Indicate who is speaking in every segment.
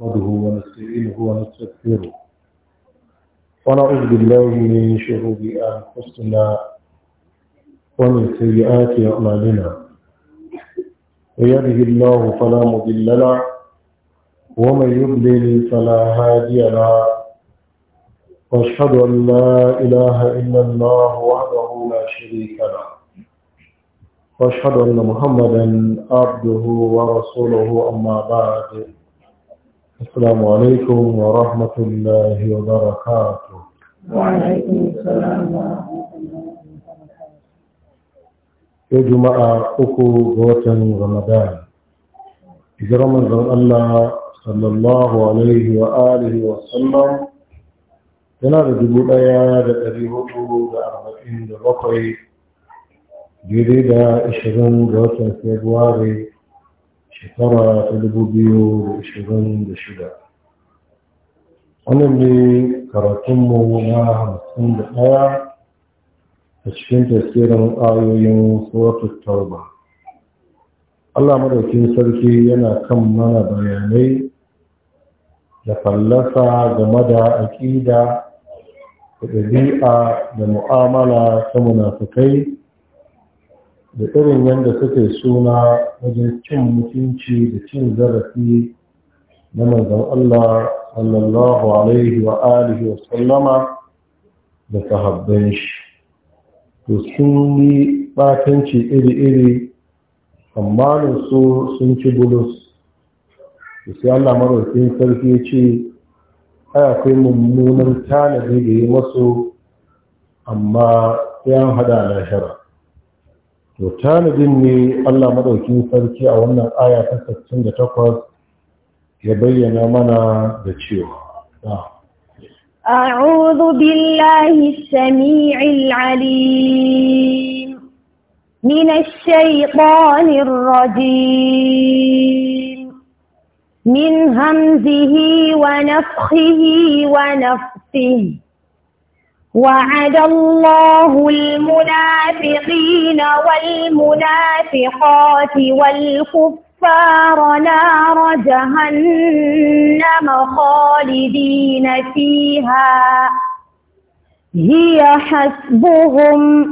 Speaker 1: نحمده ونستعينه ونستغفره ونعوذ بالله من شرور أنفسنا ومن سيئات أعمالنا ويهده الله فلا مضل له ومن يضلل فلا هادي له واشهد ان لا اله الا الله وحده لا شريك له واشهد ان محمدا عبده ورسوله اما بعد السلام عليكم ورحمة الله وبركاته
Speaker 2: وعليكم السلام ورحمة الله وبركاته
Speaker 1: يا جماعة أكو غوتن رمضان إذا رمضان الله صلى الله عليه وآله وسلم yana da dubu ɗaya da ɗari hudu da arba'in da bakwai shekara ta dubu biyu da ishirin da shida wannan ne karatunmu na hamsin da ɗaya a cikin tasirin ayoyin suratul tauba Allah madaukin sarki yana kan mana bayanai da fallasa game da aƙida da ɗabi'a da mu'amala ta munafukai da irin yadda suke suna wajen cin mutunci da cin zarafi na manzan Allah sallallahu alaihi wa alihi wa sallama da sahabban shi to sun yi batanci iri-iri amma da su sun ci bulus da sai Allah maraukin sarki ce ai akwai mummunan tanadi da yi masu amma yan hada na shara to tanadin ne Allah madaukin sarki a wannan aya ta 68 ya bayyana mana da cewa
Speaker 2: أعوذ بالله السميع العليم من الشيطان الرجيم من همزه ونفخه ونفثه وعد الله المنافقين والمنافقات والكفار نار جهنم خالدين فيها هي حسبهم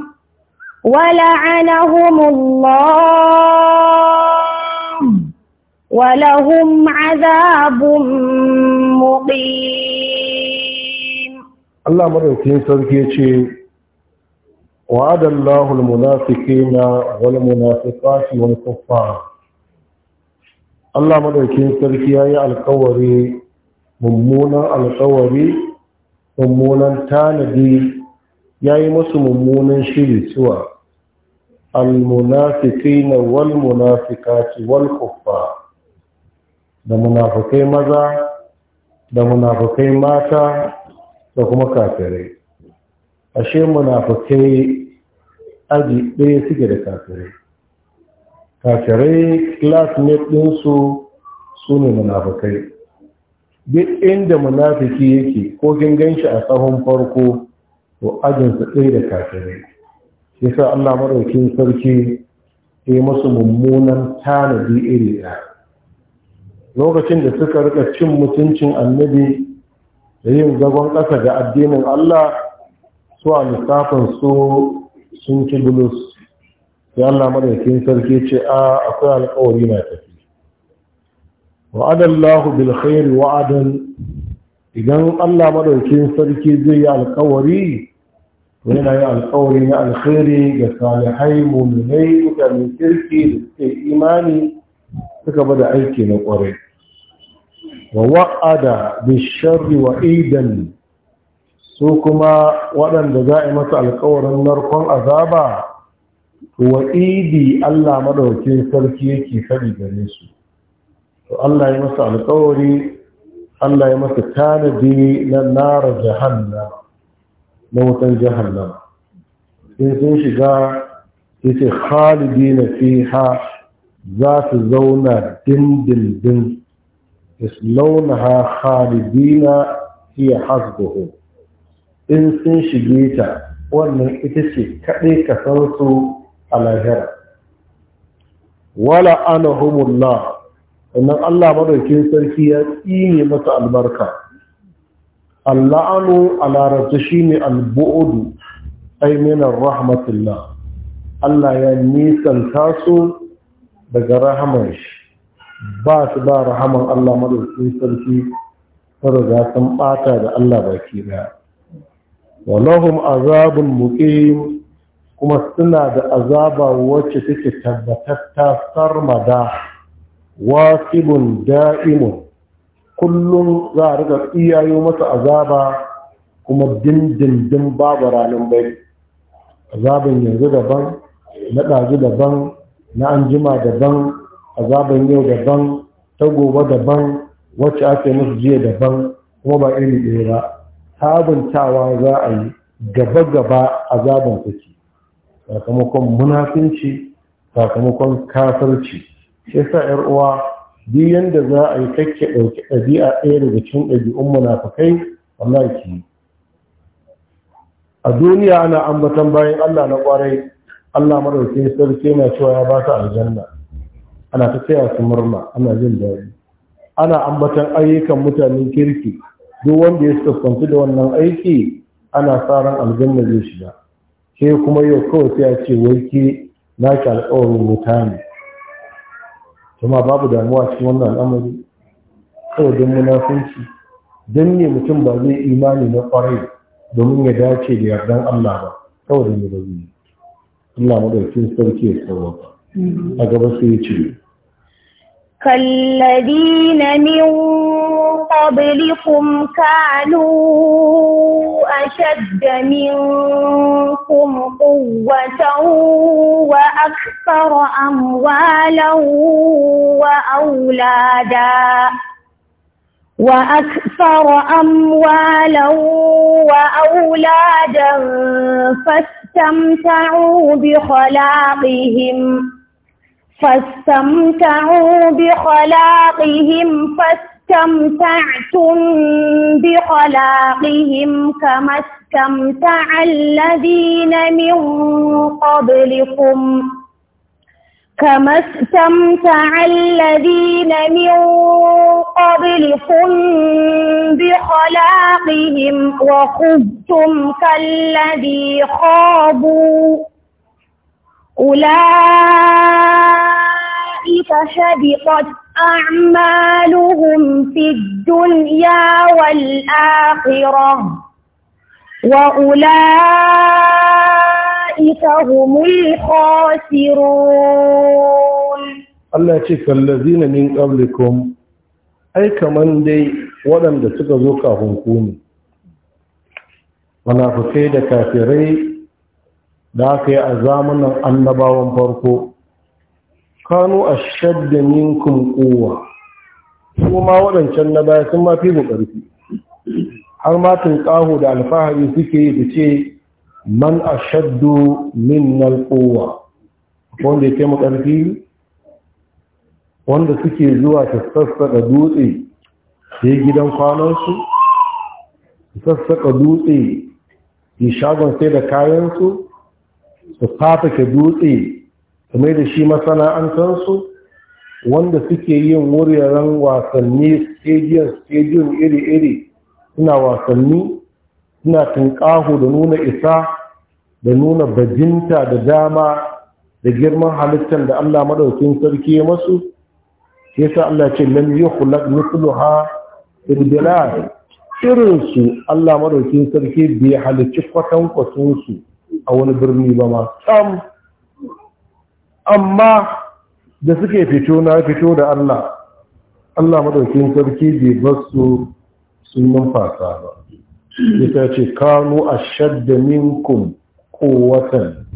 Speaker 2: ولعنهم الله ولهم عذاب مقيم
Speaker 1: Allah madaukakin sarki ya ce wa na almunafiqina wal munafiqati wal kuffa. Allah madaukakin sarki yayi alƙawari mummunan alƙawari mummunan tanadi yayi musu mummunan shiri cewa almunafiqina wal munafiqati wal kuffa. da munafikai maza da munafikai mata da kuma kafirai ashe munafikai aji ɗaya suke da kafirai kafirai classmate ɗinsu su ne munafikai duk inda munafiki yake ko kin ganshi a tsawon farko to ajinsa ɗaya da kafirai shi sa Allah maraukin sarki ya yi masu mummunan tanadi iri ɗaya lokacin da suka rika cin mutuncin annabi da yin zagon ƙasa ga addinin Allah su a lissafin su sun ci bulus sai Allah madaukin sarki ce a akwai alƙawari na tafi wa'adallahu bil wa'adan idan Allah madaukin sarki zai yi alƙawari yana yi alƙawari na alkhairi ga salihai muminai mutane kirki da suke imani suka bada aiki na ƙwarai wa wa'ada bisharri wa idan su kuma waɗanda za a yi masa alkawarin narkon azaba wa idi Allah madaukakin sarki yake faɗi gare su to Allah ya masa alkawari Allah ya masa tanadi na nara jahanna, na wutan jahannama sai sun shiga yace khalidina fiha za su zauna dindindin yaslawnaha khalidina hiya hasbuhu in sun shige ta wannan ita ce kaɗai ka san su a lahira wala anahumullah sannan Allah madaukin sarki ya tsine masa albarka Allah'anu a larabci shine albu'udu aiminan rahmatullah Allah ya nisan taso daga rahamar shi ba su ba rahaman Allah madaukin sarki za sun bata da Allah baki daya walahum azabun muqim kuma suna da azaba wacce take tabbatatta sarmada wasibun da'imun kullum za a riga iyayo masa azaba kuma dindindin babu ranar bai
Speaker 2: azabin yanzu daban
Speaker 1: na ɗazu daban na anjima daban azaban yau daban ta gobe daban wacce ake musu jiya daban kuma ba iri ɗaya ba sabuntawa za a yi gaba gaba azaban take sakamakon munafinci sakamakon kafirci shi sa yar uwa duk yanda za a yi kakke ɗauki ɗabi'a ɗaya daga cikin ɗabi'un munafikai wallahi ki a duniya ana ambatan bayan Allah na ƙwarai, Allah maraukin sarki na cewa ya ba ta aljanna ana ta taya su murna ana jin daɗi ana ambatan ayyukan mutanen kirki duk wanda ya fuskanci da wannan aiki ana sa ran aljanna zai shiga ke kuma yau kawai sai a ce wai ke na ki alƙawarin wuta ne kuma babu damuwa cikin wannan al'amari kawai don munafunci don ne mutum ba zai imani na kwarai domin ya dace da yardan Allah ba kawai da ne ba zai Allah madaukin sarki ya ba a gaba sai ya ce
Speaker 2: كالذين من قبلكم كانوا أشد منكم قوة وأكثر أموالا وأولادا وأكثر أموالا وأولادا فاستمتعوا بخلاقهم فاستمتعوا بخلاقهم فاستمتعتم بخلاقهم كما استمتع الذين من قبلكم كما استمتع الذين من قبلكم بخلاقهم وخذتم كالذي خابوا أولئك حبطت أعمالهم في الدنيا والآخرة وأولئك هم الخاسرون
Speaker 1: الله يشك الذين من قبلكم أي كمان دي ولم تتزوك هنكوني منافقين كافرين da aka yi a zamanin annabawan farko kanu a shadda ninkun kowa kuma waɗancan na baya sun mafi buƙarfi har ma tsaho da alfahari suke yi da ce man a shaddu minnal kowa wanda ya mu ƙarfi wanda suke zuwa ta sassaƙa dutse da gidan kwanansu sassaƙa dutse ya shagon sai da kayansu su ke dutse su da shi masana'antarsu wanda suke yin wuraren wasanni stadium stadium iri-iri suna wasanni suna tunƙaho da nuna isa da nuna bajinta da dama da girman halittar da Allah maɗaukin sarki ya masu yasa Allah ce lam yukhlaq mithluha fil bilad Irinsu Allah maɗaukin sarki bai halicci kwatankwasun su a wani birni ba ma tsam amma da suke fito na fito da Allah Allah madaukin sarki bai basu sun numfasa ba ta ce kanu ashadda minkum kowatan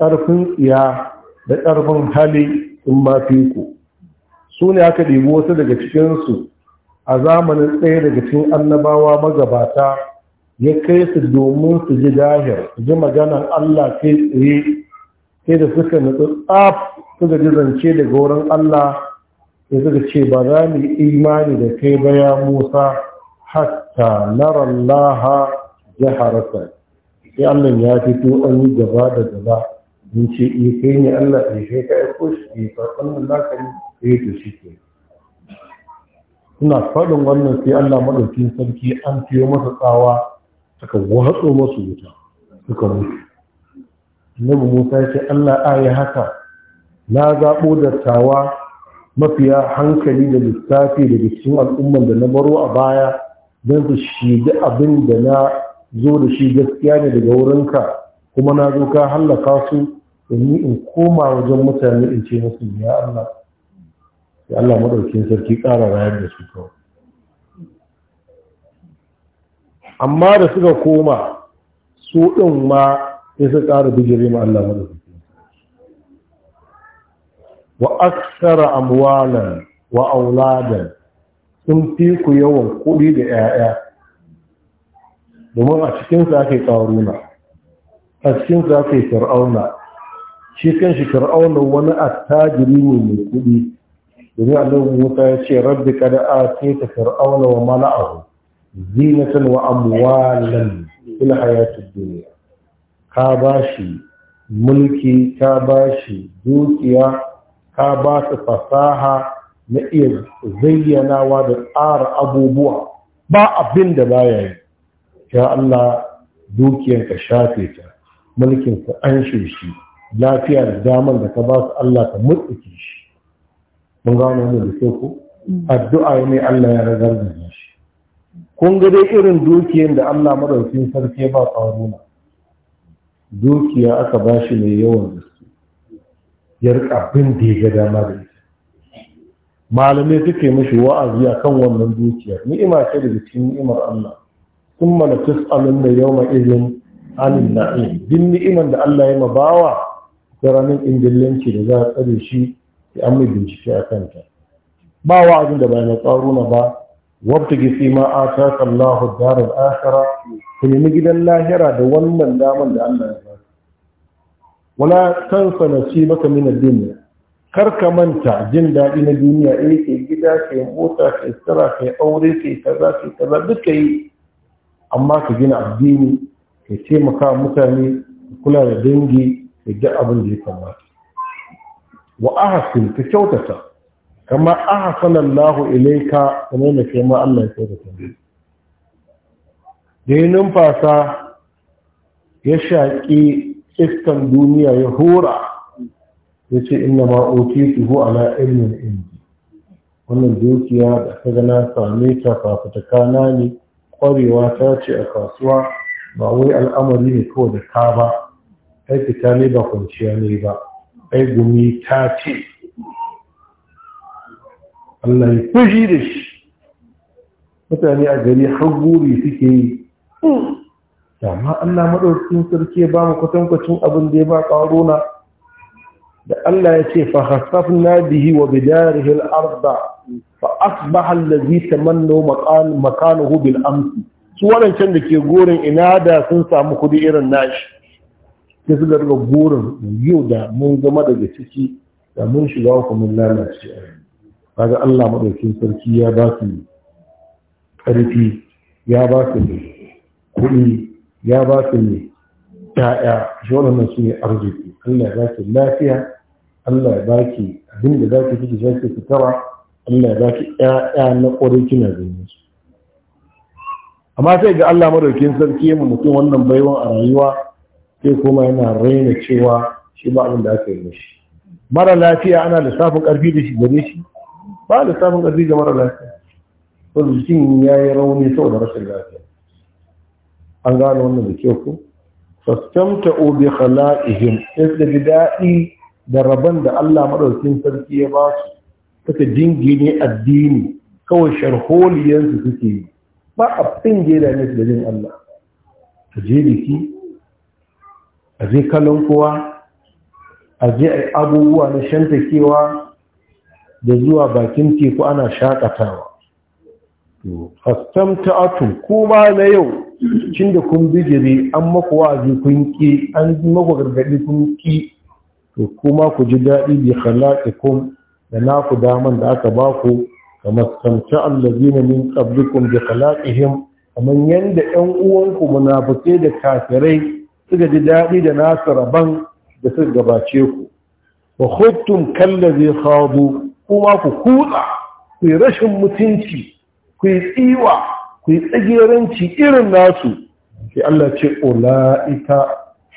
Speaker 1: ƙarfin tsiya da ƙarfin hali sun mafi ku su ne aka ɗibi wasu daga cikinsu a zamanin ɗaya daga cikin annabawa magabata ya kai su domin su ji dahir su ji maganar Allah kai tsaye sai da suka nutsu tsaf suka ji zance daga wurin Allah ya suka ce ba za mu yi imani da kai ba ya Musa hatta nara jaharata sai Allah ya fito an yi gaba da gaba in ce iya eh, kai ne Allah ya eh, kai ka ko shi ne farkon Allah ka yi eh, to shi ke suna faɗin wannan sai Allah madaukin sarki an fiye masa tsawa aka watso masu wuta suka mutu annabi musa ya ce allah a yi haka na zaɓo dattawa
Speaker 2: mafiya hankali da lissafi da cikin al'umman da na baro a baya don su shiga abin da na zo da shi gaskiya ne
Speaker 1: daga wurinka kuma na zo ka hallaka su ni in koma wajen mutane in ce masu ya Allah ya Allah maɗaukin sarki ƙara rayar da su kawai amma da suka koma su ɗin ma sai su ƙara bijire ma Allah madaukaki wa aksara amwalan wa auladan sun fi ku yawan kuɗi da 'ya'ya domin a cikinsa ake ƙaruna a cikinsa ake fir'auna shi kan shi fir'auna wani attajiri ne mai kuɗi domin annabi musa ya ce rabbi kada a ce ta fir'auna wa mala'ahu zinatan wa amwalan fil hayatid dunya ka bashi mulki ka bashi dukiya ka ba su fasaha na iya zayyanawa da tsara abubuwa ba abin da baya yi ya Allah ka shafe ta mulkinka an shi lafiya da damar da ka ba su Allah ka mutsike shi mun gano wannan da sai ku mm. addu'a ne Allah ya ragar da shi kun ga dai irin dukiyar da Allah madaukin sarki ba ƙaruna dukiya aka ba shi mai yawan gaske yar abin da ya ga dama da ita malamai suke mashi wa'azi a kan wannan dukiyar ni'ima ce daga cikin ni'imar Allah sun mana tus'alun da yau ma'izin alin na'im din ni'imar da Allah ya mabawa da ranar ingilanci da za a tsare shi ya amma bincike a kanta ba wa'azin da bayan tsaro na ba wabtagi fi ma ataka Allahu daral akhirah ku nemi gidan lahira da wannan daman da Allah ya baka wala tansa nasibaka min ad-dunya kar ka manta jin daɗi na duniya eh ke gida ke mota ke tsara ke aure ke kaza ke kaza duka yi amma ka gina addini ka taimaka mutane ka kula da dangi ka ga abin da ya kamata wa ahsin ka kyautata kama ahsanallahu ilaika kamar da ke ma Allah ya kyautata maka da yi numfasa ya shaƙi iskan duniya ya hura ya ce ina ma'oki tuhu ala ilmin inji wannan dukiya da ta gana same ta kana ne ƙwarewa ta ce a kasuwa ba wai al'amari ne kawai da ka ba ai fita ne ba kwanciya ne ba ai gumi ta ce Allah ya fushi da shi mutane a gari har guri suke yi ma Allah maɗaukakin sarki ya ba mu kwatankwacin abin da ya ba na? da Allah ya ce fa na bihi wa bidari hil arda fa asbaha hallazi ta manna makano hubil amsi su wadancan da ke gorin ina da sun samu kudi irin nashi ta su garga gorin yau da mun zama daga ciki da mun shiga hukumin lalacewa kaga Allah madaukin sarki ya ba su ƙarfi ya ba su ne kuɗi ya ba su ne ta'ya shi wani arziki Allah ya ba ki lafiya Allah ya ba ki abin da za ki fi za ki fitara Allah ya ba ki ƴaƴa na ƙwarai kina ganin amma sai ga Allah madaukin sarki ya mutum wannan baiwan a rayuwa sai kuma yana raina cewa shi ba abin da aka yi mishi mara lafiya ana lissafin ƙarfi da shi gare shi ba da samun ƙarfi ga mara lafiya wanda jikin ya yi rauni sau da rashin lafiya an gano wannan da kyau ku fastamta obi khala'ihim ya su daga daɗi da rabon da allah maɗaukin sarki ya ba su suka jingine addini kawai sharholiyarsu suke yi ba a da ya ne su da jin allah a je biki a je kalon kowa a je abubuwa na shantakewa da zuwa bakin teku ana shakatawa fastamta'atu kuma na yau cin da kun bijire an maku wa'azi kun ki an maku gargadi kun ki to kuma ku ji daɗi bi khalaqikum da naku daman da aka baku kamar samta allazina min qablikum bi khalaqihim kamar yanda 'yan uwanku munafikai da kafirai suka ji daɗi da nasu rabon da suka gabace ku wa kalla zai khadu kuma ku kutsa ku yi rashin mutunci ku yi tsiwa ku yi tsagiranci irin nasu sai Allah ce ula'ika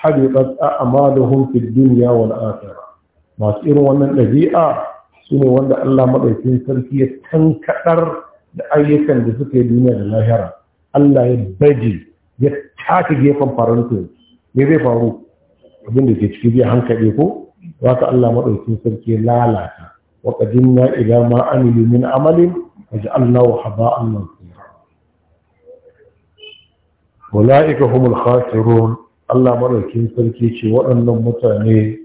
Speaker 1: habitat a'maluhum fid duniya wani akhirah masu irin wannan ɗabi'a su ne wanda Allah maɗaukin sarki ya tankaɗar da ayyukan da suka yi duniya da lahira Allah ya baje ya taka gefen faranto ne zai faru abinda ke ciki biya hankali ko za ka Allah maɗaukin sarki ya lalata وقدمنا إلى ما عملوا من عمل a هباء منثورا أولئك هم الخاسرون الله ملكين سلكيشي وأن متعني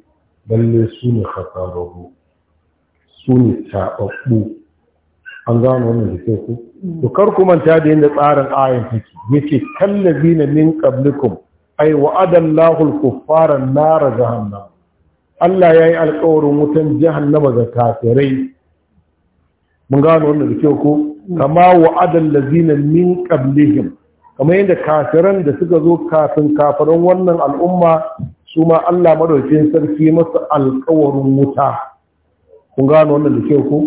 Speaker 1: بل سوني خساره سوني تأبو an gano wannan da ke ku to kar ku manta da yadda tsarin ayin take yace kallazina min qablikum ay wa'ada Allahu al-kuffara nar jahannam Allah ya yi alkawarin wutan jahannama ga kafirai mun gano wannan da kyau ko kama wa'adan lazina min qablihim kamar yadda kafiran da suka zo kafin kafiran wannan al'umma su ma Allah madaukakin sarki masa alkawarin wuta Mun gano wannan da kyau ko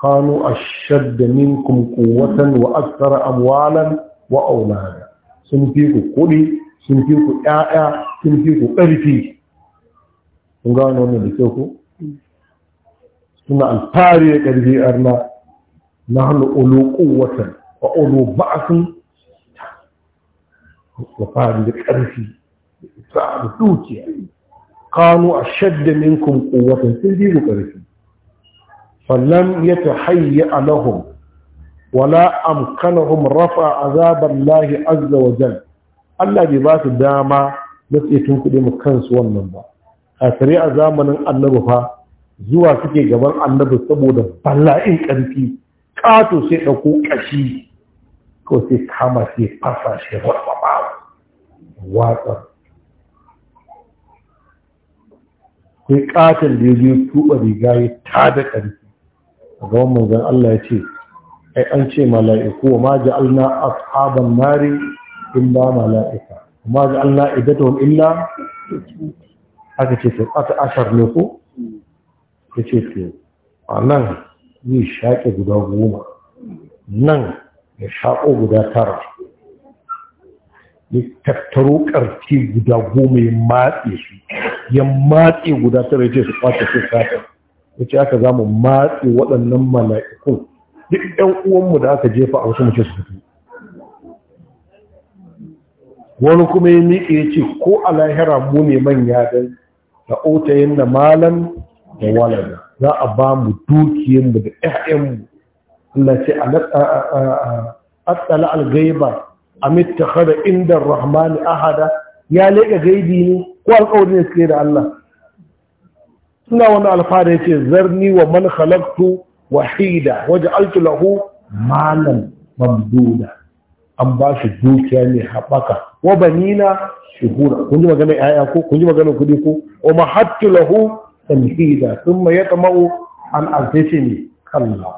Speaker 1: kanu ashadda minkum quwwatan wa akthara amwalan wa aulada sun fi ku kudi sun fi ku ƴaƴa sun fi ku ƙarfi kun gano wani wannan da kyau ko suna alfari da ƙarfi arna na hannu olo ƙowata wa olo ba a sun wa fari da ƙarfi ta da dukiya kanu a shadda ninkun ƙowata sun ji ku ƙarfi fallan ya ta hayya alahun wala amkanahum rafa azabar lahi azza wa Allah bai basu dama na tsetun kuɗi mu kansu wannan ba kafirai a zamanin annabi fa zuwa suke gaban annabi saboda bala'in ƙarfi kato sai ɗauko ƙashi ko sai kama sai fasa shi rarraba watsa sai katon da ya je tuɓa riga ya ta da ƙarfi a gaban manzan Allah ya ce ai an ce mala'iku ma alna ashaban nari illa mala'ika ma alna idatuhum illa aka ce sai ƙasa ashar ne ko ya ce to a nan zai shaƙe guda goma nan ya shaƙo guda tara ya tattaro ƙarfi guda goma ya matse su ya matse guda tara ya ce su kwace su sata ya ce aka za mu matse waɗannan mala'ikun duk ɗan uwanmu da aka jefa a wasu mace su fito wani kuma ya miƙe ya ce ko a lahira mu ne manya don da otayin da malam da walada za a ba mu dukiyanmu da ƴaƴanmu Allah ce atsala al-gaiba amit takhada inda rahmani rahman ahada ya leka gaibi ne ko alƙawarin ne suke da Allah suna wani alfada yace zarni wa man khalaqtu wahida waj'altu lahu malan mamduda an ba shi dukiya mai haɓaka wa banina shuhura kun ji magana yaya ko kun ji magana kuɗi ko ma mahattu lahu tamhida thumma yatma'u an azitini kalla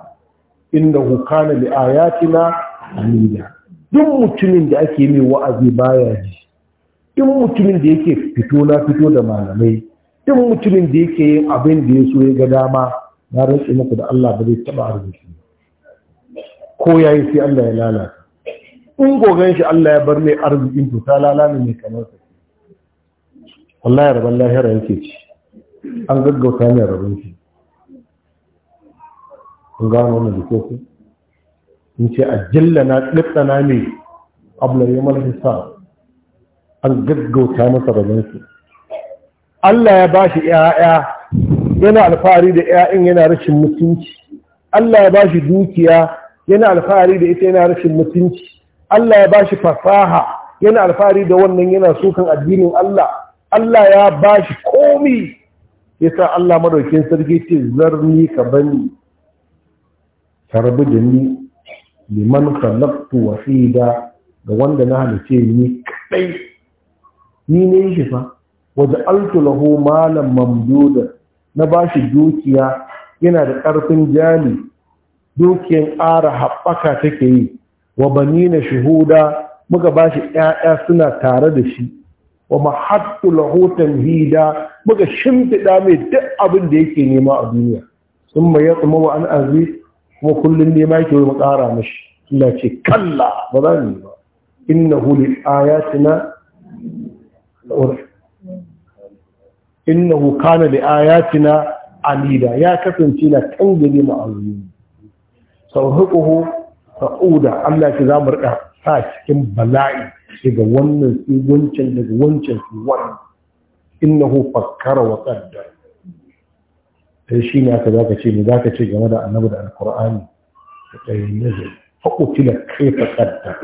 Speaker 1: innahu kana li ayatina amina duk mutumin da ake mai wa'azi baya ji duk mutumin da yake fito na fito da malamai duk mutumin da yake yin abin da ya so ya ga dama na rantsi muku da Allah ba zai taba arziki ko yayi sai Allah ya lalata in gogon shi Allah ya bar mai arzikin to ta lalana mai kamar Allah wallahi rabar lahira yake ci an gaggauta mai rabar shi kun gano mai da koko in ce a jilla na tsitsana mai abla ya mala hisa an gaggauta masa rabar shi Allah ya bashi 'ya'ya yana alfahari da 'ya'yan yana rashin mutunci Allah ya bashi dukiya yana alfahari da ita yana rashin mutunci Allah ya bashi fasaha yana alfahari da wannan yana sukan addinin Allah Allah ya bashi komi sa Allah madaukin sarki ce zarni ka bani tarbi da ni liman khalaqtu wasida ga wanda na halice ni kaɗai. ni ne shi fa waja'altu lahu Malam mamduda na bashi dukiya yana da ƙarfin jali dukiyar ƙara haɓaka take yi wa na shuhuda muka bashi ƴaƴa suna tare da shi wa mahattu lahutan hida muka shimfiɗa mai duk abin da yake nema a duniya sun mai ya tsuma wa an arzi kuma kullum nema yake wani ƙara mashi Suna ce kalla ba za mu yi ba innahu li ayatina innahu kana li ayatina alida ya kasance na kangare mu azumi sauhuquhu sa'uda Allah shi za mu riƙa sa cikin bala'i daga wannan sai wancan daga wancan sai wannan innahu fakkara wa qaddar sai shi ne aka zaka ce me zaka ce game da annabi da alqur'ani da tayyibin fakutila fa qaddar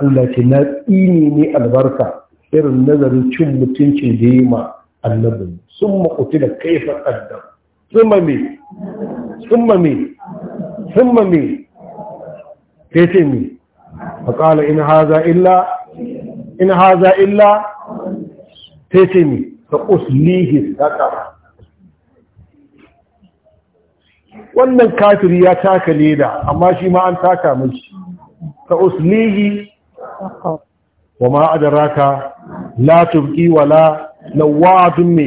Speaker 1: Allah ce na tsini ne albarka irin nazarin cin mutuncin da yi ma annabi sun makutila kaifa qaddar summa me summa me summa me sai ce mi faƙala in haza illa in haza illa sai ce mi ta uslihi saka wannan kafiri ya taka leda amma shi ma an taka mashi ta uslihi wa ma la tubqi wala lawatun me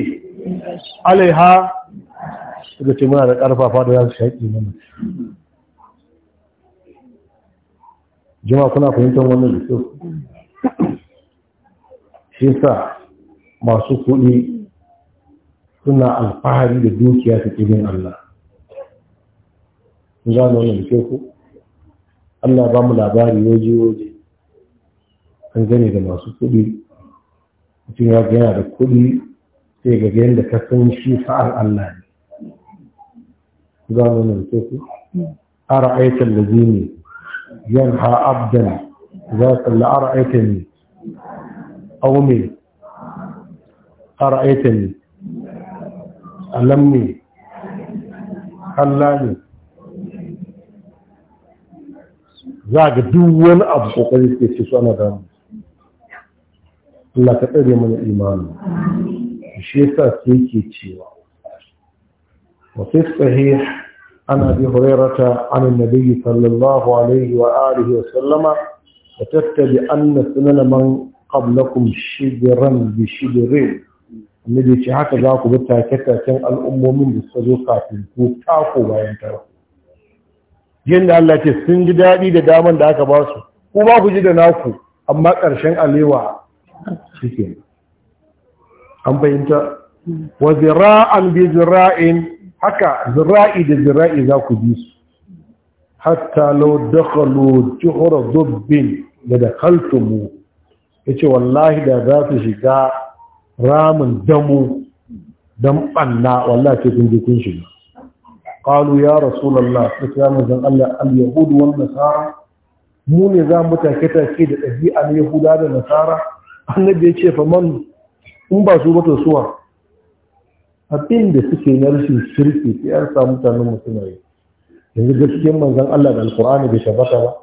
Speaker 1: alaiha suka da ƙarfafa da za su shaƙi jima kuna fahimtar wannan da kyau shi sa masu kuɗi suna alfahari da dukiya ta ƙirin Allah za mu da ku Allah ba mu labari waje-waje an gane da masu kuɗi mutum ya gana da kuɗi sai ga yadda ka san shi fa'ar Allah ne za mu da ku hmm. ara aikin da zini ينهى عبدا ذاك اللي أرأيتني أو مي أرأيتني ألمني خلاني ذاك دول أبو قريب كيسيس أنا دام Allah ka tsare mana imani shi yasa sai ke cewa wa fi sahih عن أبي هريرة عن النبي صلى الله عليه وآله وسلم وتتبعن سنن من قبلكم شجرا بشجر annabi ce haka za ku bi take-taken al'ummomin da suka zo kafin ku tako bayan tara yin da Allah ce sun ji daɗi da daman da aka basu. su ku ba ji da naku amma ƙarshen alewa an fahimta haka zira'i da zira'i za ku bi su hatta lau dakhalu juhra dubbin da da Ya ce wallahi da za su shiga ramin damu don banna wallahi jikin kun je kun shiga qalu ya ta yana zan Allah al yahud wani nasara mu ne za mu take take da dabi'an yahuda da nasara annabi yace fa man in ba su ba suwa abin da suke na rashin shirki sai an samu mutanen mutum suna yi yanzu gaskiyar manzan Allah da alkur'ani bai shabaka ba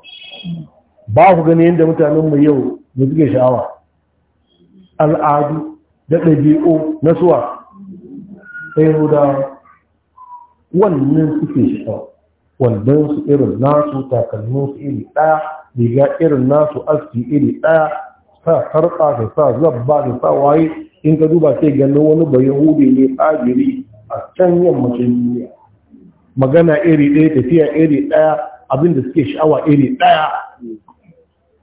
Speaker 1: ba ku gani yadda mutanen mu yau da suke sha'awa al'adu da ɗabi'u na suwa sai huda wannan suke sha'awa wannan su irin nasu takalmin su iri ɗaya riga irin nasu aski iri ɗaya sa sarƙa da sa zabba da sa waye in ka duba sai ganin wani bayan hude ne fajiri a can yammacin duniya magana iri ɗaya tafiya iri ɗaya abinda suke sha'awa iri ɗaya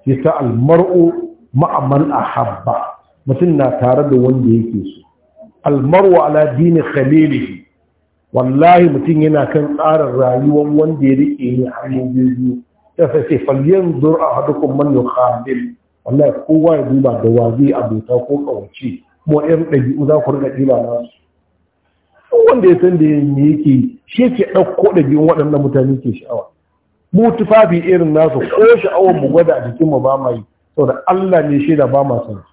Speaker 1: ya sa almar'u ma'aman a habba mutum na tare da wanda yake so almar'u ala dini khalilihi wallahi mutum yana kan tsarin rayuwar wanda ya rike ne hannun biyu ta sai falyan zur a hadukun man yukhalil wallahi kowa ya duba da wazi abota ko kawace kuma yan ɗabi'u za ku rika ƙila na su wanda ya san da yi yake shi yake ɗauko ɗabi'un waɗannan mutane ke sha'awa mu tufafi irin nasu ko sha'awar mu gwada a jikin mu ba ma yi saboda Allah ne shaida ba ma san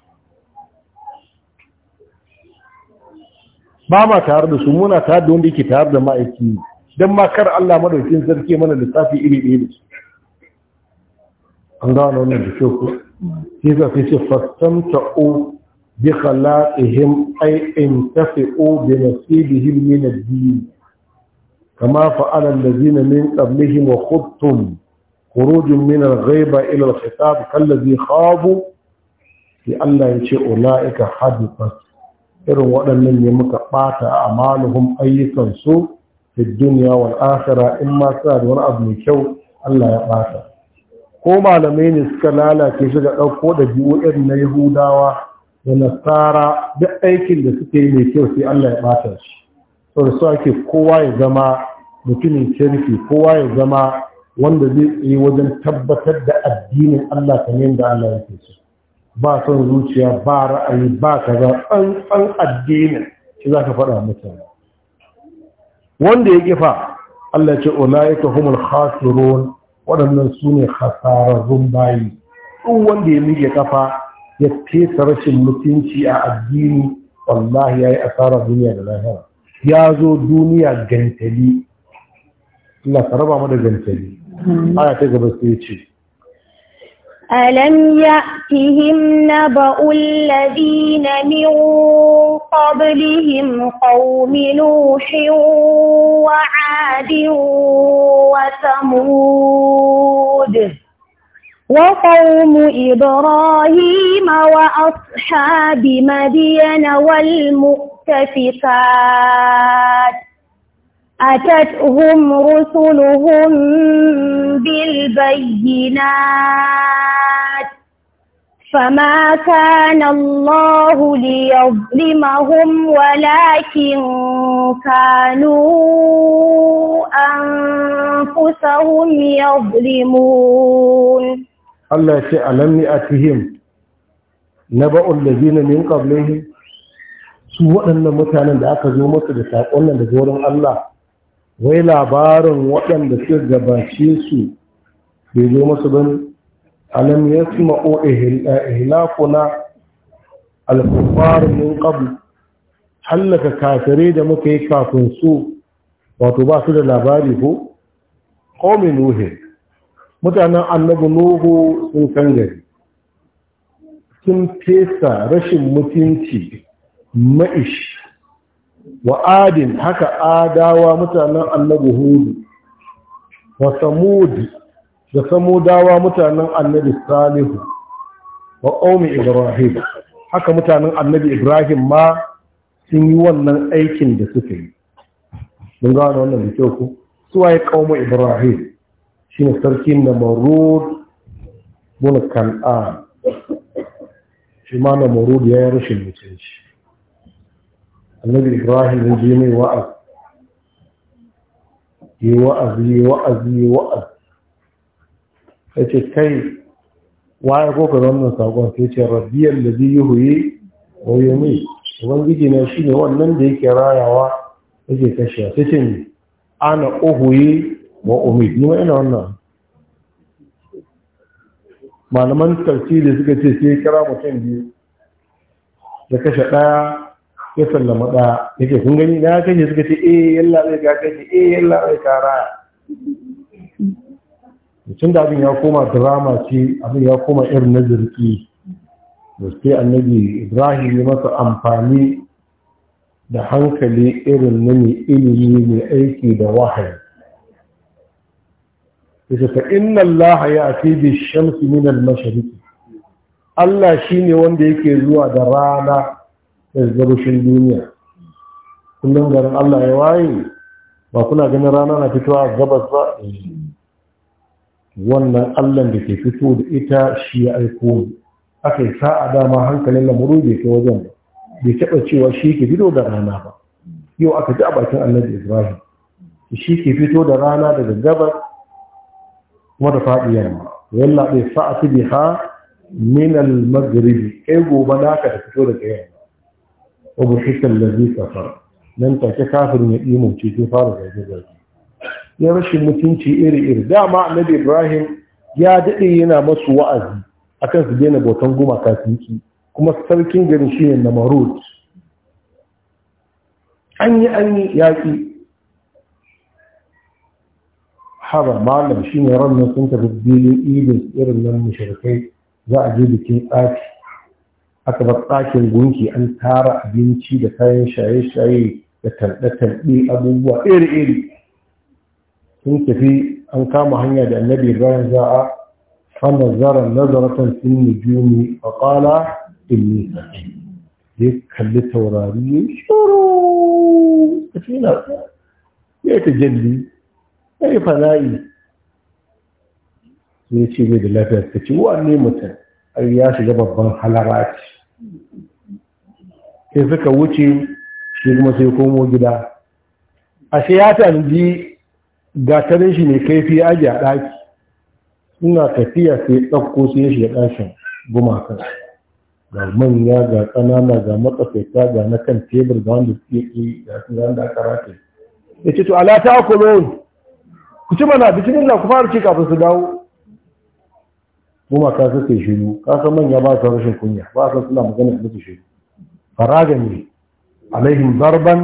Speaker 1: ba ma tare da su muna tare da wanda yake tare da ma'aiki don ma kar Allah madaukin sarki mana lissafi iri ɗaya da su an gano wannan da kyau ko sai za ka ce fastan ta'o bi khalaqihim ay intafi'u bi nasibihim min ad-din kama fa'ala allazina min qablihim wa khuttum خروج من الغيبة إلى الخطاب كالذي خابوا في الله يشاء أولئك حدثت irin waɗannan ne muka ɓata a maluhun ayyukansu fi duniya wal akhira in ma suna da wani abu mai kyau Allah ya ɓata ko malamai ne suka lalace suka ɗauko da biyu irin na yahudawa da nasara duk aikin da suke yi mai kyau sai Allah ya bata shi da su ake kowa ya zama mutumin kirki kowa ya zama wanda zai tsaye wajen tabbatar da addinin Allah kan yadda Allah ya so ba son zuciya ba ra'ayi ba kaza an addinin shi zaka faɗa mutane wanda ya kifa Allah ce ulaika humul khasirun waɗannan sune ne khasararrun bayi duk wanda ya miƙe kafa ya fesa rashin mutunci a addini wallahi ya yi asarar duniya da lahira ya zo duniya gantali Allah ka raba mu da gantali aya ta gaba sai ce
Speaker 2: ألم يأتهم نبأ الذين من قبلهم قوم نوح وعاد وثمود وقوم إبراهيم وأصحاب مدين والمؤتفقات أتتهم رسلهم بالبينات فما كان الله ليظلمهم ولكن كانوا أنفسهم يظلمون
Speaker 1: Allah ce alam ni atihim naba'ul ladina min qablihim su waɗannan mutanen da aka zo musu da saƙon nan daga wurin Allah wai labarin waɗanda suka gabace su bai zo musu bane alam yasma'u ihlakuna al-kuffar min qabl hallaka kafirai da muka yi kafin su wato ba su da labari ko qaumin nuhin mutanen annabi nuhu sun kan gari sun fesa rashin mutunci ma'ish wa adin haka adawa mutanen annabi hudu wa samudi da samudawa mutanen annabi salihu wa ƙaumi ibrahim haka mutanen annabi ibrahim ma sun yi wannan aikin da suka yi don gano wannan da kyau ku suwaye ƙaumi ibrahim shi ne sarki na marur bin kan'an shi ma na marur ya yi rashin mutunci annabi ibrahim ya je mai wa'az yi wa'azi yi wa'az yi wa'az ya ce kai waye ko ka wannan saƙon sai ce rabbiyar da zai yi huye wa yi mai ubangiji na shi ne wannan da yake rayawa yake kashe sai ce ana huye? ma'umid ni ina wannan malaman da suka ce sai kira mutum biyu da kashe ɗaya ya sallama ɗaya ya ce kun gani na ya kashe suka ce eh yalla zai ga kashe eh yalla zai kara mutum da abin ya koma drama ce abin ya koma irin na zirki da sai annabi ibrahim ya masa amfani da hankali irin na mai ilimi mai aiki da wahayi yace fa inna Allah ya ati bi shamsi min al Allah shine wanda yake zuwa da rana da gabashin duniya kullum garin Allah ya waye ba kuna ganin rana na fitowa a gabas ba wannan Allah da ke fito da ita shi ya aiko mu aka yi sa'a dama hankalin lamuru bai wajen ba bai taɓa cewa shi ke fito da rana ba yau aka ji a bakin annabi ibrahim shi ke fito da rana daga gabas kuma ta faɗi yamma yalla sa fa'ati biha ha minal magribi kai gobe da ka fito daga yamma abu da zai safar nan take kafin ya dimo ce fara zai zai ya rashin mutunci iri iri dama annabi ibrahim ya daɗe yana masu wa'azi akan su daina bautan kafin ki. kuma sarkin garin shi ne na marut an yi an yi yaƙi haba malam shi ne ranar sun tafi filin idin irin nan mushrikai za a je bikin tsaki aka bar tsakin gunki an tara abinci da kayan shaye-shaye da tarɗe-tarɗe abubuwa iri-iri sun tafi an kama hanya da annabi bayan za a fanazara nazaratan sun nujumi a ƙala ya kalli taurari ya shuru na ya ta jalli kai fana'i ne ce mai da lafiya ta ce ne mutum ya shiga babban halara ce sai suka wuce shi kuma sai komo gida ashe ya tanji gatarin shi ne kaifi aji a ɗaki suna tafiya sai ɗauko sai ya shiga ɗakin gumaka ga manya ga ƙanana ga matsafaita ga na kan tebur ga wanda suke ƙi ga wanda aka karatu. ya ce to ala ta kulon ku ci mana bismillah ku fara ci kafin su dawo kuma ka kasa sai shiru ka san manya ba su rashin kunya ba su suna magana su su shiru faraga ne alaihim zarban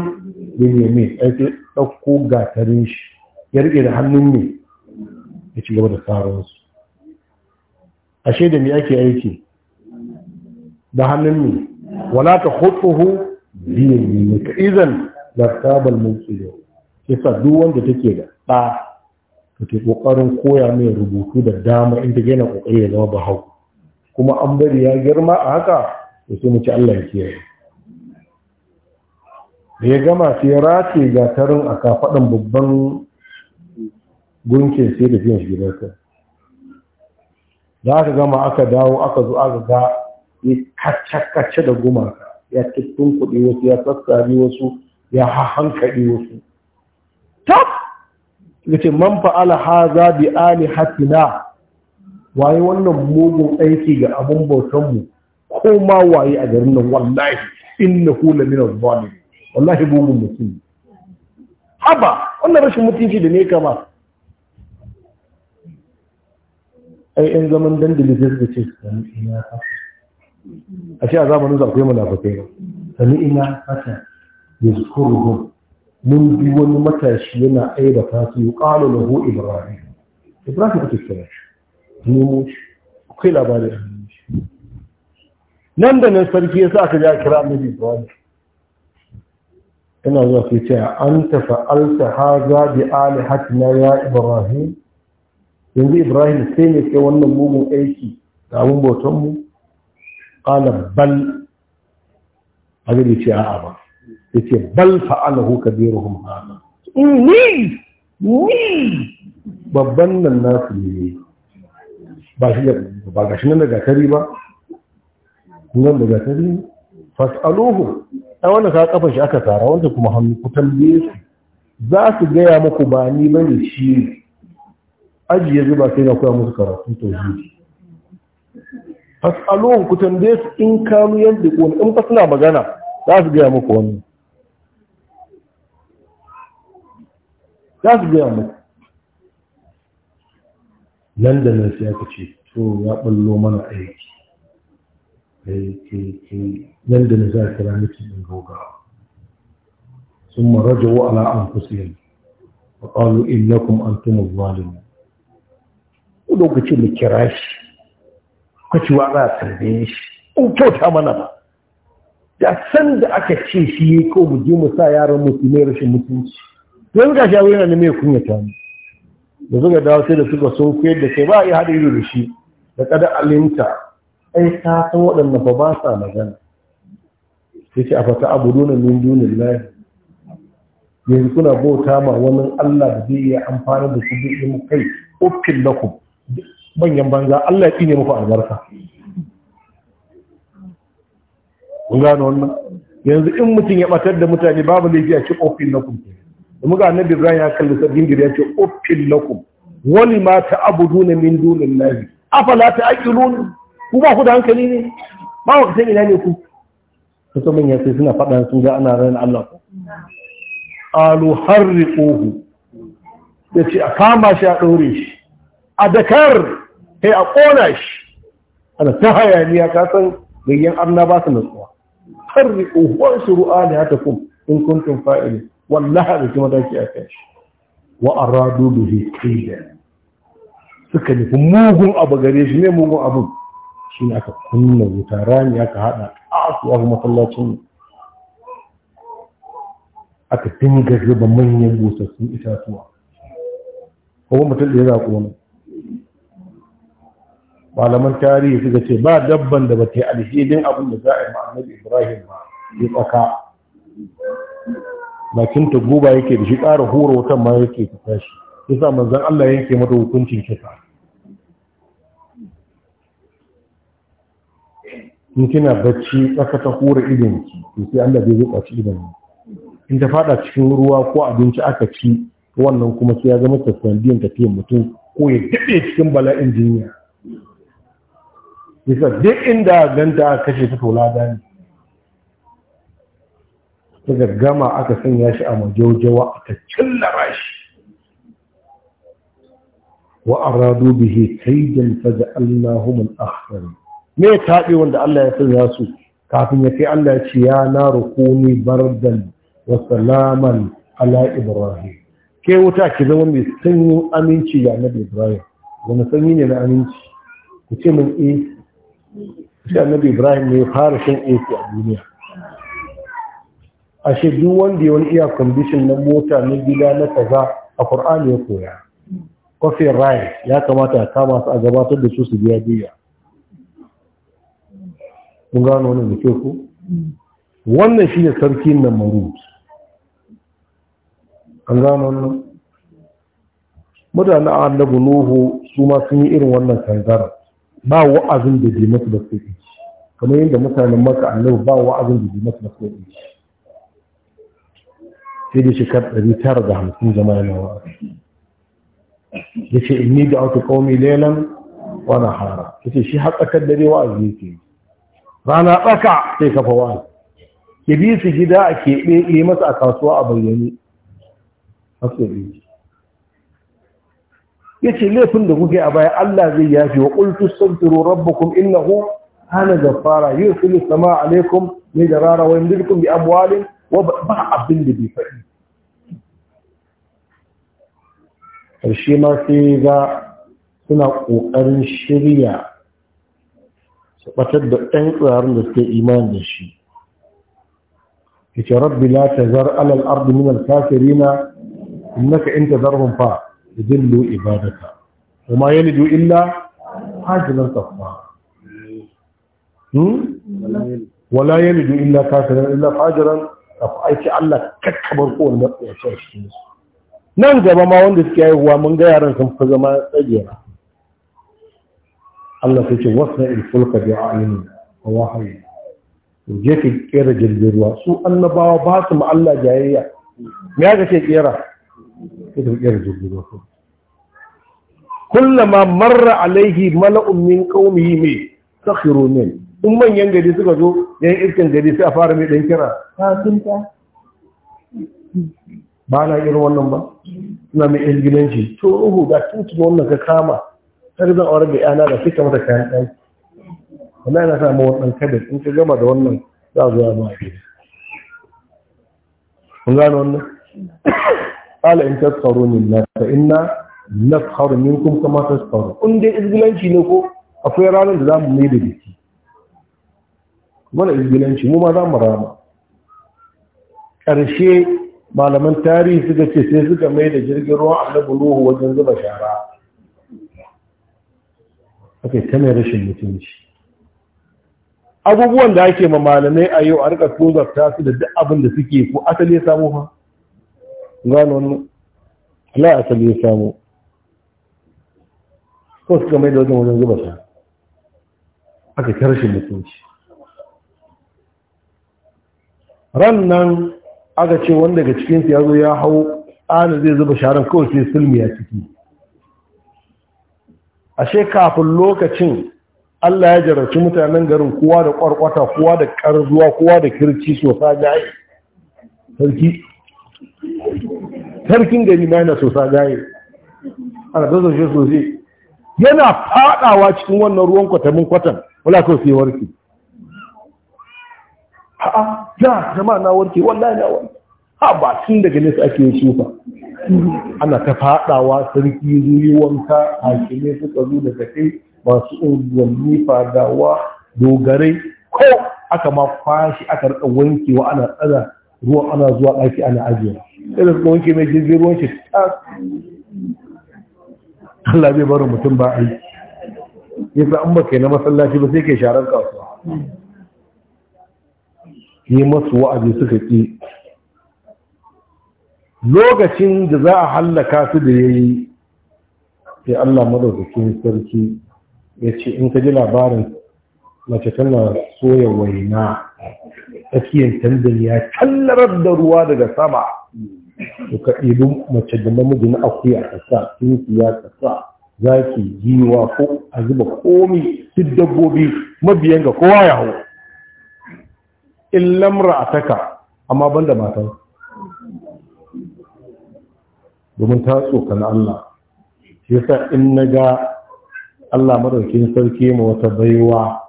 Speaker 1: bin yamin ai sai ɗauko gatarin shi ya riƙe da hannun ne ya ci gaba da tsarinsu ashe da me ake aiki da hannun ne wala ta hukuhu biyan ne ka izan da sabon mulki duk wanda take da ɗa da ke ƙoƙarin koya mai rubutu da dama inda gina ƙoƙari ya zama bahau kuma an bari ya girma a haka da sai mu ci Allah ya kiyaye da ya gama sai rataye gatarin a kafaɗan babban gunkin sai da fiyan shi gidansa da ka gama aka dawo aka zo aka ga ya kacce-kacce da gumaka ya tuttun kuɗi wasu ya sassari wasu ya hankali wasu suka ce man fa'ala haza bi hatina waye wannan mugun aiki ga abun bautan mu ko ma waye a garin nan wallahi innahu la min adh-dhalimin wallahi mugun mutum haba wannan rashin mutunci da ne kama ai yan zaman dandali sai suka ce sami ina fata a ce a zamanin su akwai munafikai sami ina fata yaskuruhum mun bi wani matashi yana aida fasu yi ƙalo na ho ibrahim ibrahim ta kira shi nemo shi akwai labari a hannun shi nan da nan sarki ya sa aka ja kira annabi ibrahim Yana zuwa sai ce an ta fa'alta haza bi alihatina ya ibrahim yanzu ibrahim sai ne kai wannan mugun aiki da abin bautanmu ƙala bal abin da ce a'a ba yake bal fa'alahu kabiruhum hada
Speaker 2: ni
Speaker 1: ni babban nan nasu ne ba shi ba shi nan daga kari ba nan daga kari fas'aluhu a wanda ka kafa shi aka tara wanda kuma hannu kutan yesu za su gaya muku ba ni bane shi ajiye zuba sai na koya musu karatu tauhidi fas'aluhu kutan tambaye in kanu yadda ko in fa suna magana za su gaya muku wannan za su gaya muku nan da nan sai aka ce to ya ɓallo mana aiki eh, eh, eh, nan da nan sai aka kira mutum ɗin gaugawa sun maraja wa ala an kusurin a ƙalu innakum antum mu. ko lokacin da kira shi wa za a tarbe shi in kyauta mana ba da san da aka ce shi ko mu je mu sa yaran musulmai rashin mutunci sai ga shi yana wurin mai kunya ta mu da zuga dawo sai da suka sun kuyar da kai ba a yi haɗa ido da shi da ƙada alinta ai ka san waɗanda ba ba sa magana sai ce a fata abu nuna min dunin lillahi yanzu kuna bauta ma wani Allah da zai iya amfani da su zai mu kai na lakum manyan banza Allah ya tsine muku albarka kun gano wannan yanzu in mutum ya ɓatar da mutane babu laifi a cikin uffin lakum kenan da muka annabi ibrahim ya kalli sabbin gida ya ce uffil lakum wali ma ne min dunillahi afala ta ku ba ku da hankali ne ba ku ina ne ku kusa ya sai suna faɗa sun ga ana ran Allah ku alu harriquhu yace a kama shi a dore shi a dakar sai a kona shi ana ta hayaniya ka san gayyan annaba ba su nutsuwa harriquhu wa suru alihatakum in kuntum fa'ilin wallaha da kuma daki a kan shi wa aradu bihi kaidan suka nufi mugun abu gare shi ne mugun abu shi ne aka kunna wuta rami aka haɗa ƙasuwa kuma masallacin aka dinga zuba manyan busassun itatuwa kuma mutum da ya zaƙo wani malaman tarihi suka ce ba dabban da ba ta yi alhidin abin da za a yi ma ibrahim ba ya tsaka Lakin ta yake da shi ƙara horo wutan ma yake ta tashi yasa manzan Allah yake mata hukuncin kisa in kina bacci tsaka ta hura idonki to sai Allah zai zuba ci idon in ta fada cikin ruwa ko abinci aka ci wannan kuma sai ya zama tafiyan tafiyan mutum ko ya daɗe cikin bala'in jinya bisa duk inda ganta kashe ta tola gani. daga gama aka sanya shi a majaujawa aka cillara shi wa aradu bihi kaidan faja'alnahum al-akhsar me tabe wanda Allah ya sanya su kafin ya kai Allah ya ce ya naru kuni bardan wa salaman ala ibrahim ke wuta ki zama mai sanyin aminci ga annabi ibrahim wani sanyi ne na aminci ku ce min eh sai annabi ibrahim ne ya fara shan ac a duniya A shaidu wanda ya wani iya condition na mota na gida na kaza a Qur'ani ya koya coffee Rai ya kamata a kama su a gabatar da su su biya biya mun gano wani da ke ku wannan ne sarkin na marut an gano wani mutane a annabu nuhu su ma sun yi irin wannan kangara ba wa'azin da bai masu da sai kamar yadda mutanen maka annabu ba wa'azin da bai masu da sai sai da shekar hamsin zama yana wa ya ce in ni da auta kaumi lelan wani hara ya ce shi har tsakar dare wa'azi yake rana tsaka sai kafa wa'azi ya bi su gida a keɓe yi masa a kasuwa a bayyane ya ce laifin da kuke a baya Allah zai yafi wa ƙultu santiru rabbakum innahu hana gafara yursilu sama alaikum ne da rara wa yamdirkum bi amwalin ba abin da bai faɗi ƙarshe ma sai ga suna ƙoƙarin shirya su ɓatar da ɗan tsirarin da suke imani da shi yace rabbi la tazar ala al-ard min al-kafirin innaka in tazarhum fa yadillu ibadaka وما يلد إلا حاجلا كفارا ولا يلد إلا كافرا إلا فاجرا kafa aiki Allah kakkabar kowane matsayi a cikin su nan gaba ma wanda suke haihuwa mun ga yaran sun fi zama tsagewa Allah sai ce wasna ilfulka bi a'yuni wa wahayi to je ka kera jirgin ruwa su annabawa ba su ma Allah jayayya me ya ce kera sai ka kera jirgin ruwa kullama marra alaihi mala'un min qaumihi mai sakhiru min in manyan gari suka zo yan iskin gari sai a fara mai ɗan kira ba na irin wannan ba suna mai ilgilanci to ruhu ga tuntun wannan ka kama har zan aure da yana da fita mata kayan ɗan wanda yana sa ma wannan kada in ka gama da wannan za zuwa ba ke kun gano wannan ala in tasfaru min na fa inna nasfaru minkum kuma tasfaru in dai izgilanci ne ko akwai ranar da za mu mai da biki mana izgilanci mu ma za mu rama ƙarshe malaman tarihi suka ce sai suka mai da jirgin ruwan annabi nuhu wajen zuba shara aka yi ta mai rashin mutunci abubuwan da ake ma malamai a yau a rika tozarta su da duk abin da suke ko asali ya samu fa gano wannan la asali ya samu ko suka mai da wajen wajen zuba shara? aka ta rashin mutunci ran nan aka ce wanda daga cikinsu ya zo ya hau ana zai zuba sharan kawai sai sulmi ya ciki ashe kafin lokacin Allah ya jarraci mutanen garin kowa da kwarkwata kowa da karzuwa kowa da kirci sosa gaye sarki sarkin gari ma yana sosa gaye ana ta sosai sosai yana fadawa cikin wannan ruwan kwatamin kwatan wala kawai sai warki a'a da jama'a na warke wallahi na warke ha ba tun daga nesa ake yin shufa ana ta fadawa sarki zuyi wanka hakimai suka tsaro daga kai masu unguwanni fadawa dogarai ko aka ma kwashi aka rika wankewa ana tsada ruwan ana zuwa ɗaki ana ajiye sai da suka wanke mai jirgin ruwan shi ta Allah bai barin mutum ba aiki yasa an baka yi na masallaci ba sai ke sharar kasuwa yi masu wa'azi suka ƙi lokacin da za a hallaka su da ya yi sai allah maɗaukakin sarki ya ce in ka ji labarin mace tana soya waina tsakiyar tandan ya kallarar da ruwa daga sama su ka mace da namiji na akuya kasa, sa ya za ki zaki yiwa ko a zuba komi duk dabbobi mabiyan ga kowa ya hau illam ra'ataka amma banda matan. domin ta tsoka na Allah shi yasa in naga Allah madaukin sarki ma wata baiwa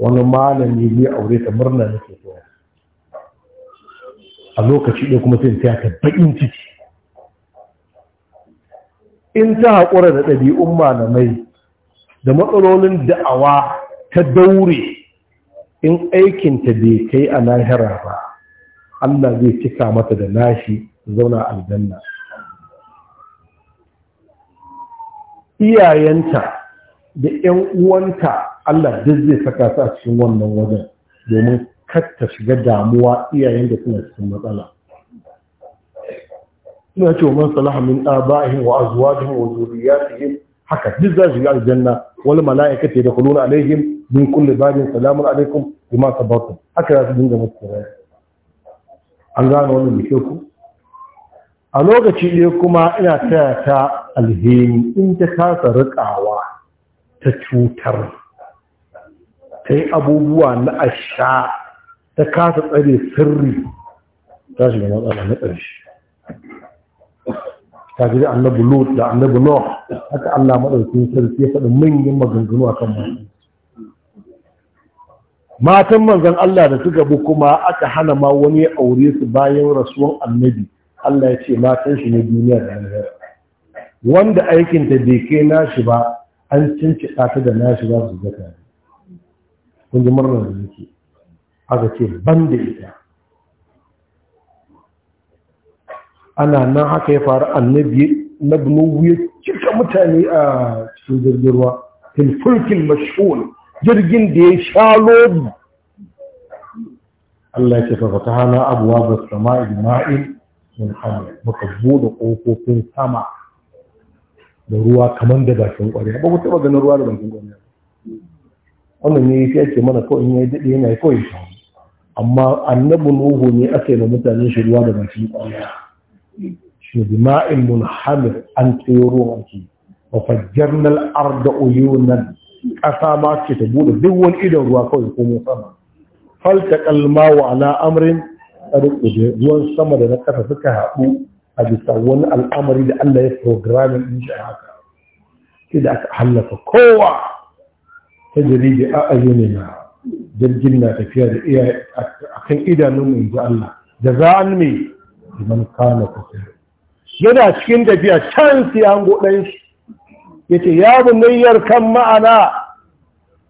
Speaker 1: wani malami zai aure ta murna nake so a lokaci ɗaya kuma sai ta baƙin ciki in ta haƙura da ɗabi'un malamai da matsalolin da'awa ta daure in aikinta bai kai a lahira ba Allah zai cika mata da nashi zauna aljanna iyayenta da 'yan uwanta Allah duk zai saka su a cikin wannan wajen domin kar ta shiga damuwa iyayen da suna cikin matsala ina ce wa man salaha min aba'ihim wa azwajihim wa zurriyatihim haka duk za su yi aljanna wal da kuluna alaihim min kulli babin salamun alaikum bima sabatu haka za su dinga musu an gano wannan da ku a lokaci ɗaya kuma ina taya ta alheri in ta kasa riƙawa ta cutar ta yi abubuwa na asha ta kasa tsare sirri ta shiga matsala na ƙarshe kaji da annabu lut da annabu nuh haka Allah madaukakin sarki ya faɗi manyan maganganu kan matan matan manzon Allah da suka bi kuma aka hana ma wani ya aure su bayan rasuwan annabi Allah ya ce matan shi ne duniya da lahira wanda aikin ta bai kai nashi ba an cinci ta da nashi ba su zaka kun ji murnar da yake aka ce ban da ita ana nan haka ya faru annabi na bulogu ya cika mutane a cikin jirgin ruwa tilfulkin mashul jirgin da ya sha lobi Allah ya ce ta hana abuwa ba sama ijma'in sun hana muka buɗe ƙofofin sama da ruwa kamar da bakin ƙwarya ba ku taɓa ganin ruwa da bakin ƙwarya wannan ne ya ce mana kawai ya daɗe yana kawai amma annabi nuhu ne aka yi mutane shi ruwa da bakin ƙwarya shi ne bima'in munhamir an tsayo ruwan ake mafajjarna al'arda nan. ƙasa ma ce ta bude duk wani idon ruwa kawai komo sama falta kalma wa ala amrin tsarkuɗe ruwan sama da na ƙasa suka haɗu a bisa wani al'amari da Allah ya programin ɗin shi haka sai da aka hallaka kowa ta jirage a ayyunina jirgin na tafiya da iya a kan idanun mai ji Allah da za'an mai liman kana kafir yana cikin tafiya can sai an godan shi yace ya bunayyar kan ma'ana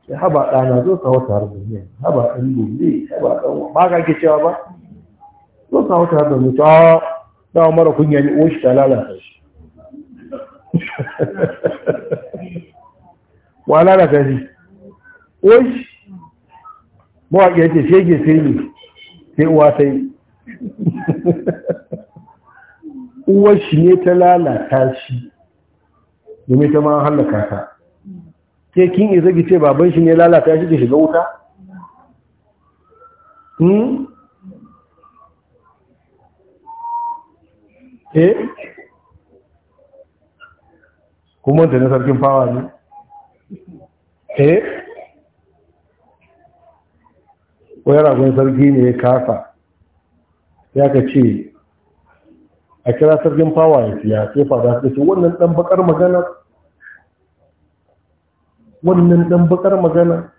Speaker 1: ya haba dana zo ka wata har duniya haba an ne haba kan ba ka ke cewa ba zo ka wata har duniya ta da ah, mara kunya ne oshi ta lalata shi gari o shi oshi mawaƙi yake shege sai ne sai uwa sai uwar shi ne ta lalata shi domin ta ma halaka ta ke kin isa ki ce baban shi ne lalata shi da shiga wuta hmm eh kuma da na sarkin fawa ne eh ko yara sarki ne ya kasa ya ka ce a kira sarkin fawa ya fiya sai fada su ce wannan dan bakar magana wannan dan bakar magana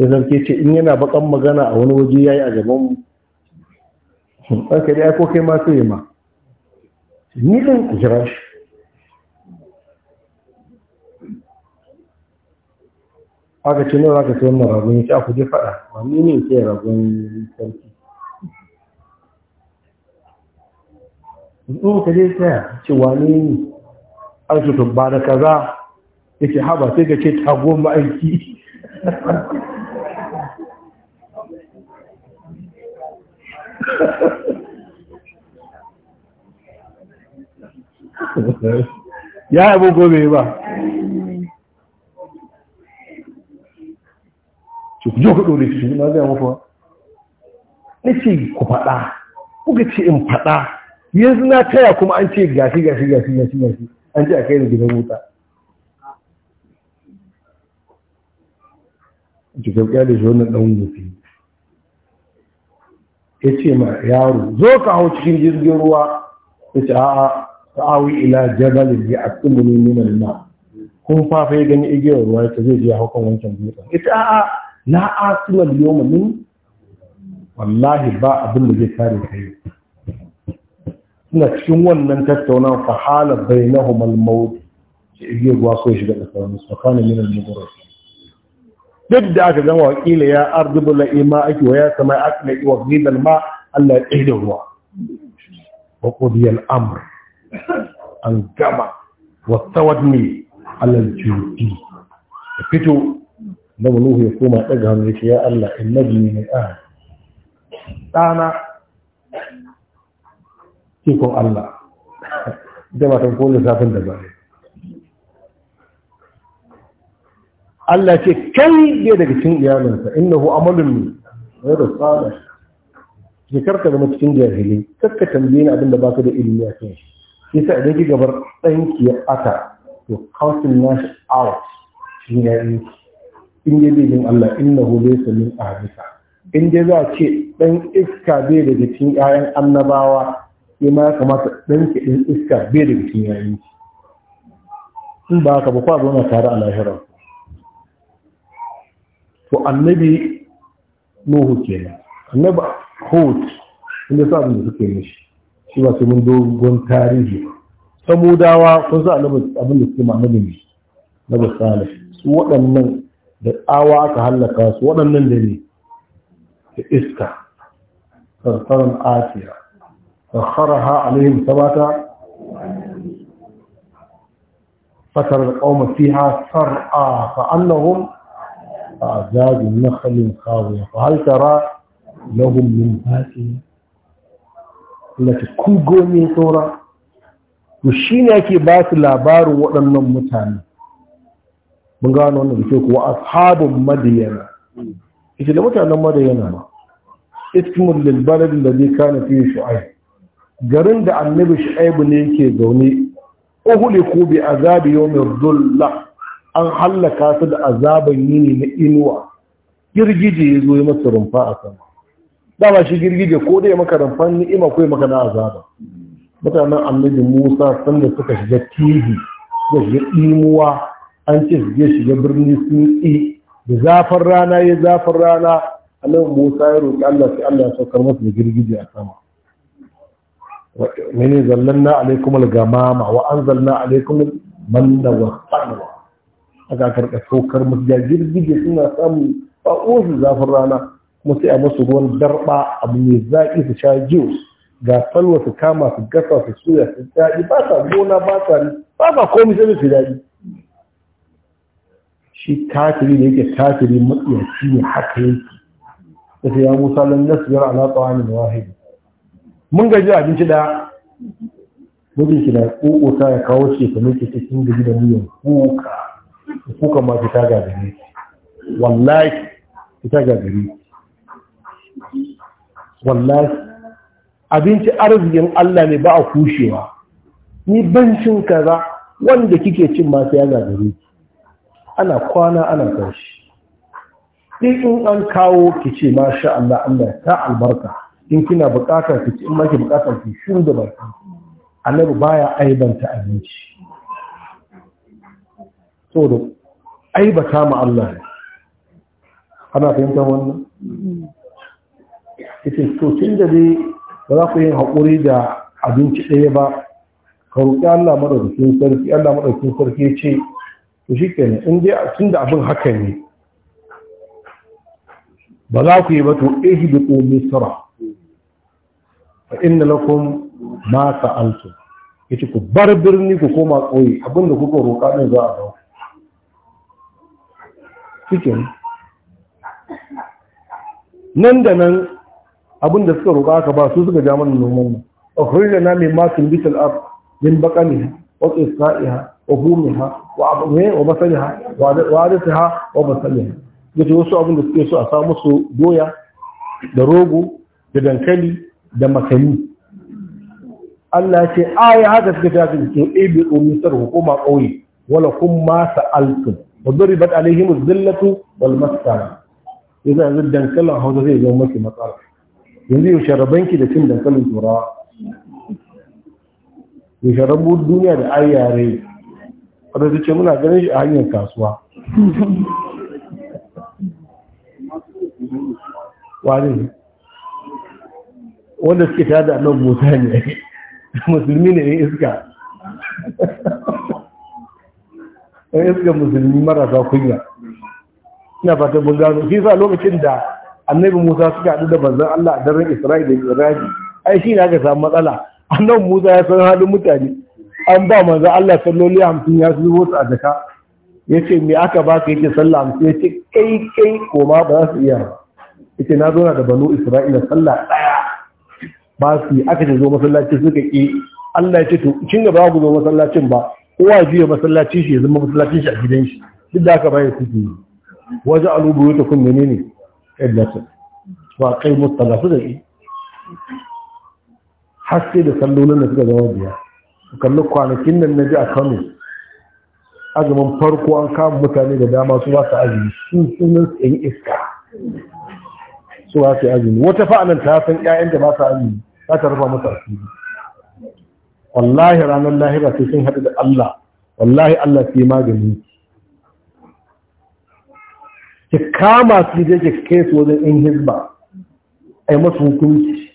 Speaker 1: ya zarke ce in yana bakan magana a wani waje ya yi a gaban mu aka da ko kai ma sai ma ni ɗan ku jira shi aka ce nawa ka ce wannan ragon ya ce a ku je faɗa ma ni ne ke ragon sarki in ka je tsaya ce wane ne an su ba da kaza ya ce haɓa sai ka ce tago ma'aiki ya abu gobe ba ce ku ji ku da shi na zai mafi ba ce ku faɗa ga ce in faɗa yanzu na taya kuma an ce gashi gashi gashi gashi gashi an ce a kai da gidan wuta jikakkiya da shi wannan ɗan wufi ya ce ma yaro zo ka hau cikin jirgin ruwa ya ce a'a sa'awi ila jabalin ya asimu ne nuna na kun fafa gani igiyar ruwa ya ce zai je haukan wancan dutsen ya ce a'a na asimu nuna min wallahi ba abin da zai kare ka suna cikin wannan tattaunawa fa hala bainahum al-maut sai igiyar ruwa ko shiga tsakanin su kana min al-mughras duk da aka gama wakila ya ardubu la ima aki wa ya sama akla wa ghidal ma Allah ya tsaye da ruwa wa qudiya al-amr an gama wa tawadni ala al-judi fito da nuhu ya koma daga hannu ya Allah innabni min ah dana ikon Allah ma matan ko lissafin da zai Allah ce kai bai daga cikin iyalinsa innahu amalun min ghayr salih ki karka da cikin jahili kakka tambaye ni abin da baka da ilimi a kan shi sai idan ki gabar danki ya aka to counting nash out shi ne in dai bai jin Allah innahu laysa min ahadika in dai za a ce dan iska bai daga cikin 'ya'yan annabawa sai ma ya kamata ɗan kiɗin iska bai da bikin yayin in ba haka ba kwa zauna tare a lahira to annabi nuhu kenan annabi hot inda sa abin da suke mishi shi ba su mun dogon tarihi samudawa kun sa annabi abin da suke ma shi na basala su waɗannan da tsawa aka hallaka su waɗannan da ne da iska karsaran asiya فخرها عليهم ثباتا فتر القوم فيها صرعى كأنهم أعزاب نخل خاوية فهل ترى لهم من فاتية التي كوغو من سورة وشين يكي باس لابار وأنا متاني mun gano wannan da ke kuwa ashabun madiyana ita da mutanen madiyana ba ismul lil balad alladhi kana fihi shu'aib garin da annabi shu'aibu ne yake zaune ko bi azabi yawmin dhulla an hallaka su da azaban yini na inuwa girgije ya zo ya masa rumfa a sama dama shi girgije ko dai maka rumfan ni'ima ko maka na azaba mutanen annabi musa sanda suka shiga tihi da shiga imuwa an ce shiga shiga birni sun ƙi da zafin rana ya zafin rana annabi musa ya roƙi allah sai allah ya saukar masa da girgije a sama من ظللنا عليكم الغمامة وأنزلنا عليكم المن والسلوى aka karɓa saukar musu da girgije suna samun ba'osu zafin rana kuma sai a masu ruwan darɓa abu mai zaƙi su sha juice ga salwa su kama su gasa su suya su daɗi ba sa gona ba sa ba sa komai sai su daɗi shi kafiri da yake kafiri matsiyaci ne haka yake da sai ya musa lan nasbir ala ta'amin wahid mun gaji abinci da gudun ki da kokota ya kawo ce ta miki cikin gaji da miyan kuka kuka ma fita ga gari wallahi fita ga gari wallahi abinci arzikin Allah ne ba a kushewa ni ban cin kaza wanda kike cin ma sai ga gari ana kwana ana tashi din in an kawo ki ce masha Allah Allah ta albarka in kina buƙatar ki in maki bukatar ki shiru da baki annabi baya aibanta abinci so da aibata ma Allah ne ana fahimtar wannan ita to tun da dai ba za ku yi haƙuri da abinci ɗaya ba ka roƙi Allah madaukakin sarki Allah madaukakin sarki ya ce to shikenan in dai tun da abin haka ne ba za ku yi ba to ihbitu misra fa inna lakum ma sa'altum yace ku bar birni ku koma koyi abinda kuka roƙa ne za a ba cikin nan da nan abinda suka roƙa aka ba su suka ja mana noman mu na min masin bital ard min baqaniha wa qisaiha wa humiha wa abwe wa masaliha wa adatiha wa masaliha yace wasu abin da suke so a samu su doya da rogo da dankali da makani Allah ce ai haka suka ta cikin to ibi umisar hukuma ƙauye wala kun ma sa'altum wa duribat alaihim zillatu wal maskara yanzu yanzu dankalin hausa zai zama maki matsala yanzu yau sharabanki da cin dankalin turawa ya sharabu duniya da ayyare wadda ta ce muna ganin shi a hanyar kasuwa wani wanda suke ta da nan musa ne musulmi ne iska ɗan iska musulmi marasa kunya ina fatan mun gano shi sa lokacin da annabi musa suka haɗu da banzan allah a daren isra'ila da iraji ai shi ne aka samu matsala annabi musa ya san halin mutane an ba manzan allah salloli hamsin ya su zuwa a jaka ya ce me aka ba ka yake sallah hamsin ya ce kai kai koma ba za su iya ba ya ce na zo na da banu isra'ila sallah ɗaya ba su yi aka ce zo masallaci suka ƙi Allah ya ce to kin ga ku zo masallacin ba uwa jiya masallaci shi ya zama masallacin shi a gidan shi duk da haka bayan suke yi waje alubu ta kun ne ibnatu ba kai mutala su da yi haske da sallolin da suka zama biya kalli kwanakin nan na ji a Kano azumin farko an kama mutane da dama su ba su azumi sun sunan su yan iska su ba su azumi wata fa'anan ta san da ba su azumi za ta rufa masa asiri wallahi ranar lahira sai sun haɗu da Allah wallahi Allah sai magani ki kama su je ki kai su wajen in hizba ai masu hukunci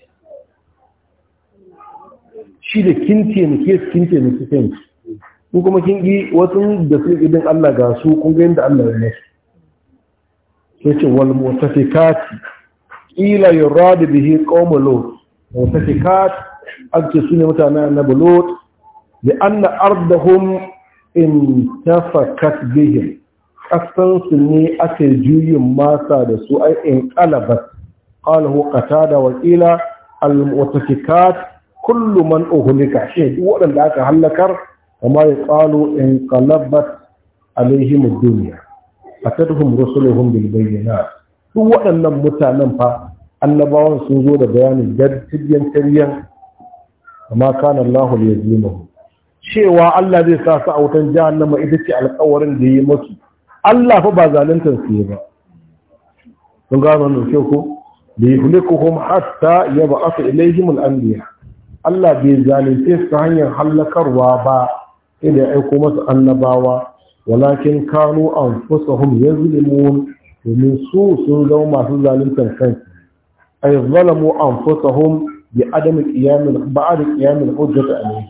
Speaker 1: shi da kin taimake su kin taimake kanki in kuma kin yi wasu da su idan Allah ga su kun ga yadda Allah ya nasu sai ce wal mutafikati ila yuradu bihi qawmu lut mutafikat an ce su ne mutane annabi lot da anna ardahum in tafakat bihin kasansu ne ake juyin masa da su ai in qalabat qalahu qatada wa qila al mutafikat kullu man uhlika shi duk waɗanda aka halakar amma ya qalu in qalabat alaihim ad-dunya atadhum rusuluhum bil duk waɗannan mutanen fa annabawan sun zo da bayanin dartiyan taryan amma kana Allah ya zima cewa Allah zai sa su a wutan jahannama ita ce alƙawarin da yi musu Allah fa ba zaluntar su ba sun gano nan sai ko da yuhlikuhum hatta yab'ath ilayhim al-anbiya Allah bai zalunce su hanyar hallakarwa ba inda ya aiko masu annabawa walakin kanu anfusuhum yazlimun domin su sun zama masu zaluntar kansu أي ظلموا أنفسهم بعدم القيام بعد قيام الحجة عليهم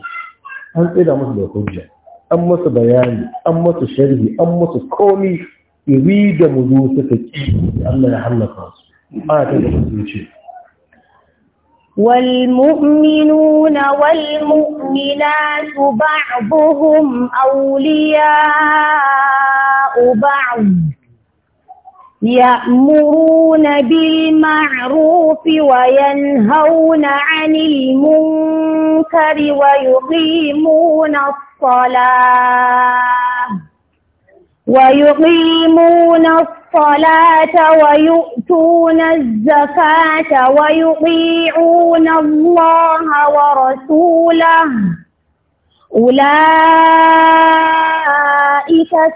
Speaker 1: هل إذا مثل الحجة أم مثل بيان أم مثل شرح أم يريد مدوسة في أن يحل خاص ما تقدر
Speaker 2: والمؤمنون والمؤمنات بعضهم أولياء بعض يأمرون بالمعروف وينهون عن المنكر ويقيمون الصلاة ويقيمون الصلاة ويؤتون الزكاة ويطيعون الله ورسوله أولئك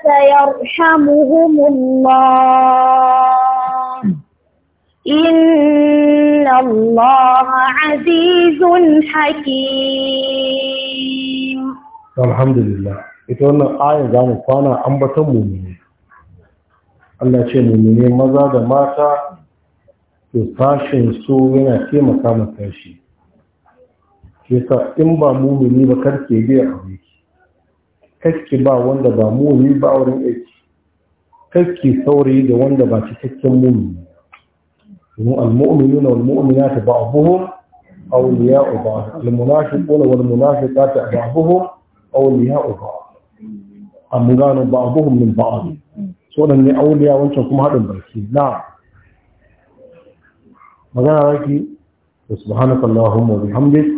Speaker 2: سيرحمهم الله إن الله عزيز حكيم
Speaker 1: الحمد لله ita wannan ayin za mu kwana ambaton mummuni Allah ce mummuni maza da mata to fashin su yana taimaka ma shi yasa in ba mumini ba karke biya abu ki ba wanda ba mumini ba wurin aiki karki saurayi da wanda ba cikakken mumini domin al-mu'minu na al-mu'mina ta ba'abuhum awliya'u ba'd al-munafiquna wal munafiqatu ba'abuhum awliya'u ba'd an gano ba'abuhum min ba'd so dan ne awliya wancan kuma hadin barki na magana raki subhanakallahumma wa bihamdika